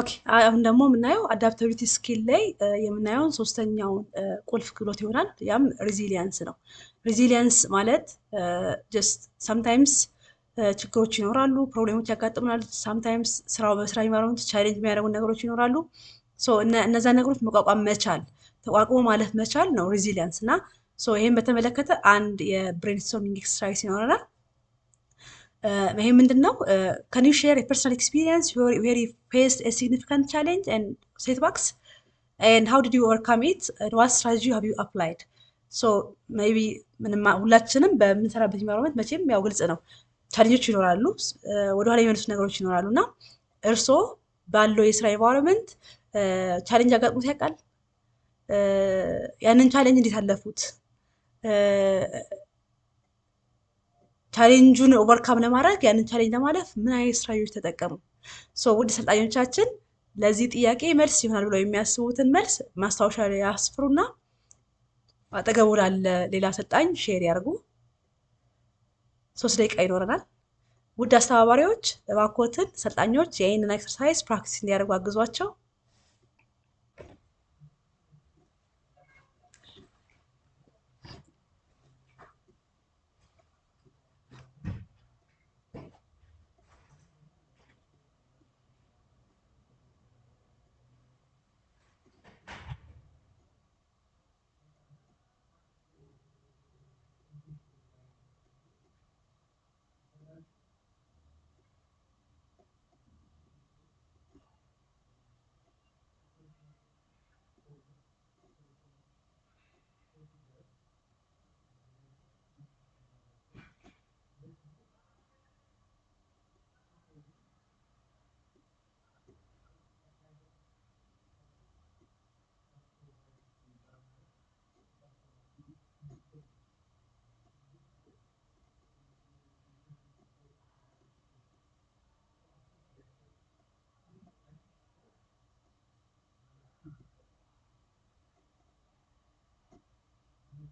ኦኬ አሁን ደግሞ የምናየው አዳፕታቢሊቲ ስኪል ላይ የምናየውን ሶስተኛውን ቁልፍ ክህሎት ይሆናል። ያም ሪዚሊያንስ ነው። ሪዚሊያንስ ማለት ጀስት ሳምታይምስ ችግሮች ይኖራሉ፣ ፕሮብሌሞች ያጋጥምናል። ሳምታይምስ ስራው በስራ ኢንቫይሮንመንት ቻሌንጅ የሚያደርጉ ነገሮች ይኖራሉ። እነዛ ነገሮች መቋቋም መቻል ተቋቁሞ ማለት መቻል ነው ሬዚሊያንስ እና ይህም በተመለከተ አንድ የብሬንስቶርሚንግ ኤክስትራይስ ይኖረናል። ይሄ ምንድን ነው? ከን ዩ ሼር የፐርሰናል ኤክስፒሪየንስ ሪ ዩ ሲግኒፊካንት ቻሌንጅ ኤንድ ሴትባክስ ን ሀው ዲድ ዩ ኦቨርካም ኢት ዋት ስትራቴጂ ሃቭ ዩ አፕላይድ ሶ ሜይ ቢ ሁላችንም በምንሰራበት ኢንቫይሮመንት መቼም ያው ግልጽ ነው ቻሌንጆች ይኖራሉ፣ ወደኋላ የሚመልሱት ነገሮች ይኖራሉ እና እርስዎ ባለው የስራ ኢንቫይሮመንት ቻሌንጅ አጋጥሞት ያውቃል? ያንን ቻሌንጅ እንዴት አለፉት? ቻሌንጁን ኦቨርካም ለማድረግ ያንን ቻሌንጅ ለማለፍ ምን አይነት ስትራቴጂዎች ተጠቀሙ? ውድ ሰልጣኞቻችን ለዚህ ጥያቄ መልስ ይሆናል ብለው የሚያስቡትን መልስ ማስታወሻ ላይ ያስፍሩና አጠገቡ ላለ ሌላ ሰልጣኝ ሼር ያርጉ። ሶስት ደቂቃ ይኖረናል። ውድ አስተባባሪዎች እባክዎትን ሰልጣኞች ይህንን ኤክሰርሳይዝ ፕራክቲስ እንዲያደርጉ አግዟቸው።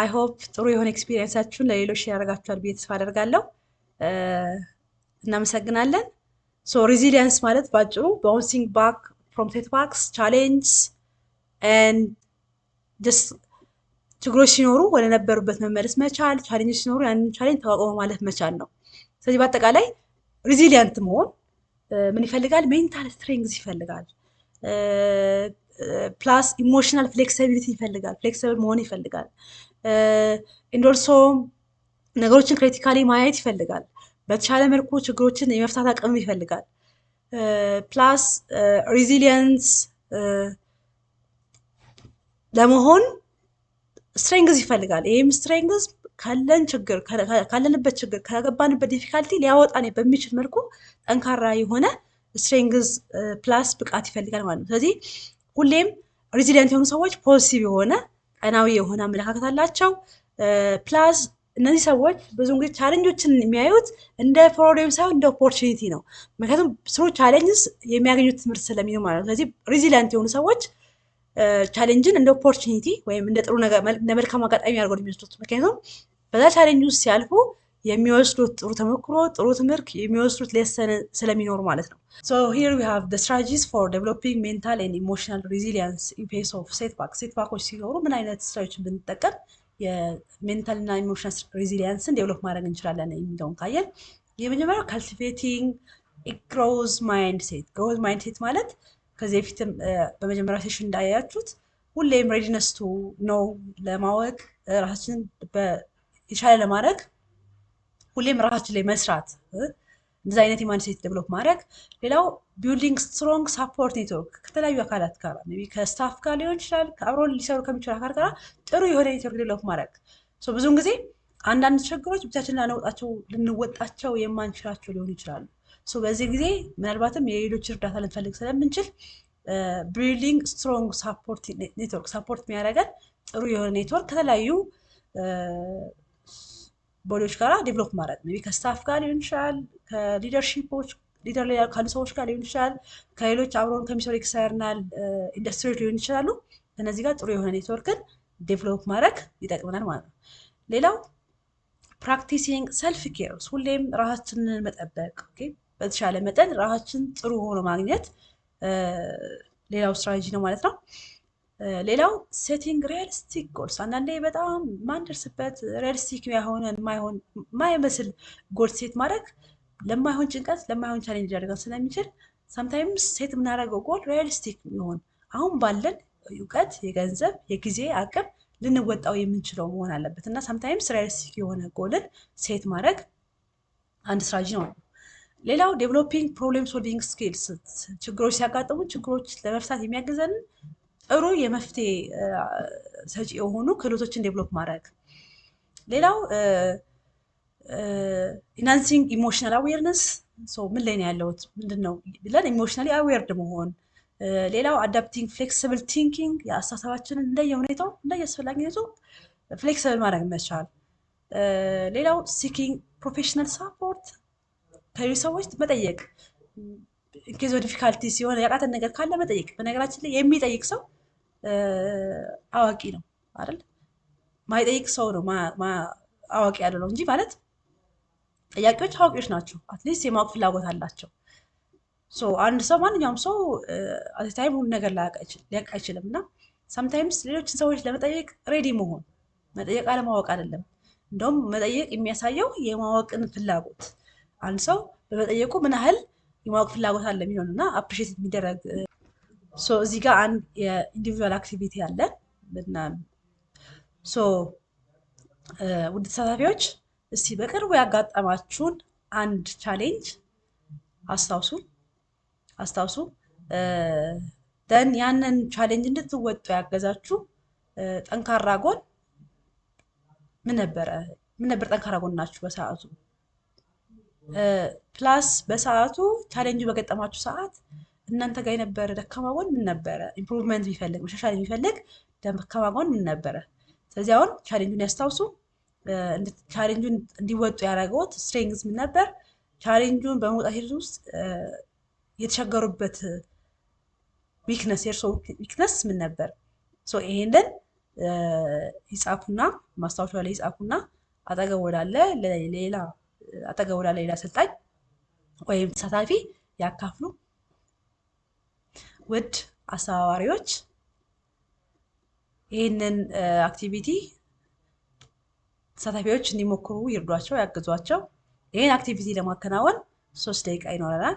አይ ሆፕ ጥሩ የሆነ ኤክስፒሪየንሳችሁን ለሌሎች ያደርጋችኋል ብዬ ተስፋ አደርጋለሁ። እናመሰግናለን። ሶ ሪዚሊየንስ ማለት ባጭሩ ባውንሲንግ ባክ ፍሮም ሴትባክስ ቻሌንጅ ኤንድ ችግሮች ሲኖሩ ወደ ነበሩበት መመለስ መቻል፣ ቻሌንጆች ሲኖሩ ያንን ቻሌንጅ ተቋቁሞ ማለት መቻል ነው። ስለዚህ በአጠቃላይ ሪዚሊየንት መሆን ምን ይፈልጋል? ሜንታል ስትሬንግዝ ይፈልጋል። ፕላስ ኢሞሽናል ፍሌክሲቢሊቲ ይፈልጋል። ፍሌክሲብል መሆን ይፈልጋል። ኢንዶልሶ uh, ነገሮችን ክሪቲካሊ ማየት ይፈልጋል። በተሻለ መልኩ ችግሮችን የመፍታት አቅም ይፈልጋል። ፕላስ uh, ሪዚሊየንስ uh, ለመሆን ስትሬንግዝ ይፈልጋል። ይህም ስትሬንግዝ ካለን ችግር ካለንበት ችግር ከገባንበት ዲፊካልቲ ሊያወጣን በሚችል መልኩ ጠንካራ የሆነ ስትሬንግዝ ፕላስ ብቃት ይፈልጋል ማለት ነው። ስለዚህ ሁሌም ሬዚደንት የሆኑ ሰዎች ፖዚቲቭ የሆነ ቀናዊ የሆነ አመለካከት አላቸው። ፕላስ እነዚህ ሰዎች ብዙ ጊዜ ቻለንጆችን የሚያዩት እንደ ፕሮብሌም ሳይሆን እንደ ኦፖርቹኒቲ ነው። ምክንያቱም ስሩ ቻለንጅስ የሚያገኙት ትምህርት ስለሚሆን ማለት ነው። ስለዚህ ሬዚሊያንት የሆኑ ሰዎች ቻሌንጅን እንደ ኦፖርቹኒቲ ወይም እንደ ጥሩ ነገር እንደ መልካም አጋጣሚ አድርገው የሚወስዱት ምክንያቱም በዛ ቻሌንጅ ውስጥ ሲያልፉ የሚወስዱት ጥሩ ተሞክሮ ጥሩ ትምህርት የሚወስዱት ሌሰን ስለሚኖር ማለት ነው። ሶ ሂር ዊ ሃቭ ዘ ስትራቴጂስ ፎር ዴቨሎፒንግ ሜንታል ኤንድ ኢሞሽናል ሪዚሊየንስ ኢን ፌስ ኦፍ ሴትባክ። ሴትባኮች ሲኖሩ ምን አይነት ስራዎችን ብንጠቀም የሜንታል እና ኢሞሽናል ሪዚሊየንስን ዴቨሎፕ ማድረግ እንችላለን የሚለውን ካየን የመጀመሪያው ካልቲቬቲንግ ግሮዝ ማይንድ ሴት። ግሮዝ ማይንድ ሴት ማለት ከዚህ በፊትም በመጀመሪያ ሴሽን እንዳያችሁት ሁሌም ሬዲነስ ቱ ነው ለማወቅ ራሳችንን የተሻለ ለማድረግ ሁሌም ራሳችን ላይ መስራት እንደዚ አይነት የማንሴት ዴቨሎፕ ማድረግ። ሌላው ቢልዲንግ ስትሮንግ ሳፖርት ኔትወርክ ከተለያዩ አካላት ጋር ቢ ከስታፍ ጋር ሊሆን ይችላል፣ አብሮ ሊሰሩ ከሚችሉ አካል ጋር ጥሩ የሆነ ኔትወርክ ዴቨሎፕ ማድረግ። ብዙውን ጊዜ አንዳንድ ችግሮች ብቻችን ላንወጣቸው ልንወጣቸው የማንችላቸው ሊሆኑ ይችላሉ። በዚህ ጊዜ ምናልባትም የሌሎች እርዳታ ልንፈልግ ስለምንችል ቢልዲንግ ስትሮንግ ሳፖርት ኔትወርክ ሳፖርት የሚያደርገን ጥሩ የሆነ ኔትወርክ ከተለያዩ ቦዲዎች ጋር ዴቨሎፕ ማድረግ ነው። ከስታፍ ጋር ሊሆን ይችላል፣ ከሊደርሺፖች ሊደር ላይ ካሉ ሰዎች ጋር ሊሆን ይችላል፣ ከሌሎች አብረውን ከሚሰሩ ኤክስተርናል ኢንዱስትሪዎች ሊሆን ይችላሉ። ከነዚህ ጋር ጥሩ የሆነ ኔትወርክን ዴቨሎፕ ማድረግ ይጠቅመናል ማለት ነው። ሌላው ፕራክቲሲንግ ሰልፍ ኬር፣ ሁሌም ራሳችንን መጠበቅ በተሻለ መጠን ራሳችን ጥሩ ሆኖ ማግኘት ሌላው ስትራቴጂ ነው ማለት ነው። ሌላው ሴቲንግ ሪያሊስቲክ ጎልስ፣ አንዳንዴ በጣም ማንደርስበት ሪያሊስቲክ ያሆነ ማይሆን የማይመስል ጎል ሴት ማድረግ ለማይሆን ጭንቀት ለማይሆን ቻሌንጅ ሊያደርገን ስለሚችል ሰምታይምስ ሴት የምናደርገው ጎል ሪያሊስቲክ ይሆን አሁን ባለን እውቀት፣ የገንዘብ፣ የጊዜ አቅም ልንወጣው የምንችለው መሆን አለበት እና ሰምታይምስ ሪያሊስቲክ የሆነ ጎልን ሴት ማድረግ አንድ ስትራቴጂ ነው። ሌላው ዴቨሎፒንግ ፕሮብሌም ሶልቪንግ ስኪልስ ችግሮች ሲያጋጥሙ ችግሮች ለመፍታት የሚያግዘንን ጥሩ የመፍትሄ ሰጪ የሆኑ ክህሎቶችን ዴቨሎፕ ማድረግ። ሌላው ኢናንሲንግ ኢሞሽናል አዌርነስ ምን ላይ ነው ያለሁት ምንድን ነው ብለን ኢሞሽናሊ አዌርድ መሆን። ሌላው አዳፕቲንግ ፍሌክስብል ቲንኪንግ የአስተሳሰባችንን እንደየ አስፈላጊነቱ ፍሌክስብል ማድረግ መቻል። ሌላው ሲኪንግ ፕሮፌሽናል ሳፖርት ከሌሎች ሰዎች መጠየቅ፣ ኢንኬዝ ዲፊካልቲ ሲሆን ያቃተን ነገር ካለ መጠየቅ። በነገራችን ላይ የሚጠይቅ ሰው አዋቂ ነው አይደል? ማይጠይቅ ሰው ነው አዋቂ ያለው እንጂ ማለት ጠያቂዎች አዋቂዎች ናቸው። አትሊስት የማወቅ ፍላጎት አላቸው። አንድ ሰው ማንኛውም ሰው አታይም ሁሉ ነገር ሊያውቅ አይችልም። እና ሰምታይምስ ሌሎችን ሰዎች ለመጠየቅ ሬዲ መሆን መጠየቅ አለማወቅ አይደለም። እንደውም መጠየቅ የሚያሳየው የማወቅን ፍላጎት አንድ ሰው በመጠየቁ ምን ያህል የማወቅ ፍላጎት አለ የሚሆን እና አፕሪሼት የሚደረግ እዚህ ጋር አንድ የኢንዲቪዥዋል አክቲቪቲ አለን። ውድ ተሳታፊዎች እስቲ በቅርቡ ያጋጠማችሁን አንድ ቻሌንጅ አስታውሱ አስታውሱ ደን ያንን ቻሌንጅ እንድትወጡ ያገዛችሁ ጠንካራ ጎን ምን ነበረ? ምን ነበር ጠንካራ ጎን ናችሁ በሰዓቱ? ፕላስ በሰዓቱ ቻሌንጁ በገጠማችሁ ሰዓት እናንተ ጋር የነበረ ደካማ ጎን ምን ነበረ? ኢምፕሩቭመንት የሚፈልግ መሻሻል የሚፈልግ ደካማ ጎን ምን ነበረ? ስለዚህ አሁን ቻሌንጁን ያስታውሱ። ቻሌንጁን እንዲወጡ ያደረገውት ስትሬንግስ ምን ነበር? ቻሌንጁን በመውጣት ሂደት ውስጥ የተቸገሩበት ዊክነስ፣ የእርሶ ዊክነስ ምን ነበር? ይሄንን ይጻፉና ማስታወሻ ላይ ይጻፉና አጠገብ ወዳለ ሌላ አጠገብ ወዳለ ሌላ አሰልጣኝ ወይም ተሳታፊ ያካፍሉ። ውድ አስተባባሪዎች ይህንን አክቲቪቲ ተሳታፊዎች እንዲሞክሩ ይርዷቸው፣ ያግዟቸው። ይህን አክቲቪቲ ለማከናወን ሶስት ደቂቃ ይኖረናል።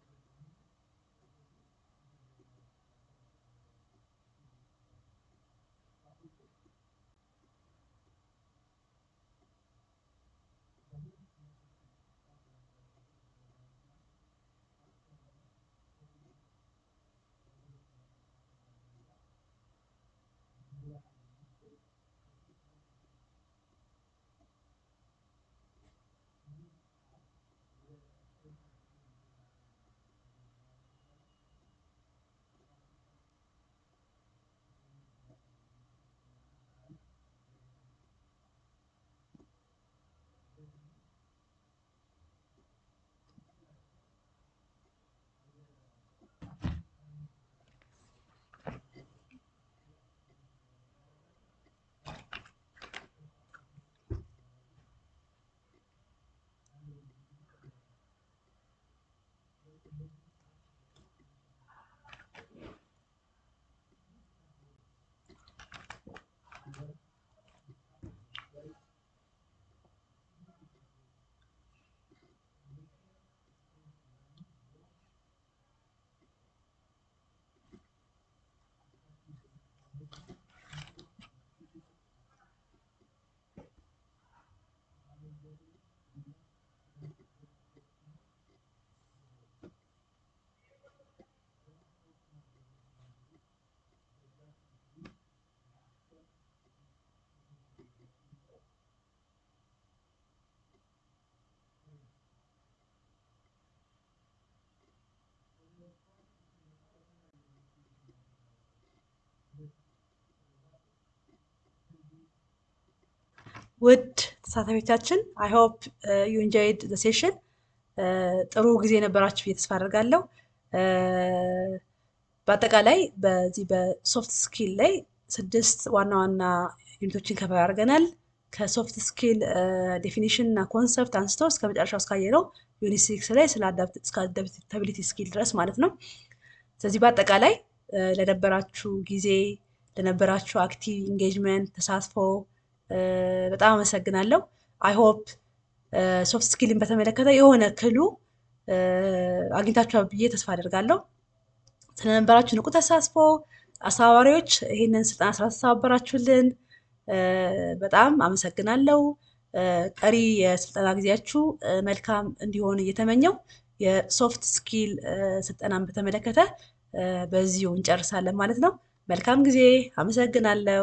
ውድ ተሳታፊዎቻችን አይ ሆፕ ዩ ኢንጆይድ ዘ ሴሽን ጥሩ ጊዜ የነበራችሁ ብዬ አድርጋለሁ uh, በአጠቃላይ በዚህ በሶፍት ስኪል ላይ ስድስት ዋና ዋና ዩኒቶችን ከበር አድርገናል። ከሶፍት ስኪል ዴፊኒሽን uh, እና ኮንሰፕት አንስቶ እስከ መጨረሻው እስካየነው ዩኒት ሲክስ ላይ ስለ አዳፕታቢሊቲ ስኪል ድረስ ማለት ነው። ስለዚህ በአጠቃላይ uh, ለነበራችሁ ጊዜ ለነበራችሁ አክቲቭ ኢንጌጅመንት ተሳትፎ በጣም አመሰግናለሁ። አይሆፕ ሶፍት ስኪልን በተመለከተ የሆነ ክሉ አግኝታችኋል ብዬ ተስፋ አደርጋለሁ። ስለነበራችሁ ንቁ ተሳትፎ አስተባባሪዎች ይህንን ስልጠና ስላስተባበራችሁልን በጣም አመሰግናለሁ። ቀሪ የስልጠና ጊዜያችሁ መልካም እንዲሆን እየተመኘው የሶፍት ስኪል ስልጠናን በተመለከተ በዚሁ እንጨርሳለን ማለት ነው። መልካም ጊዜ። አመሰግናለሁ።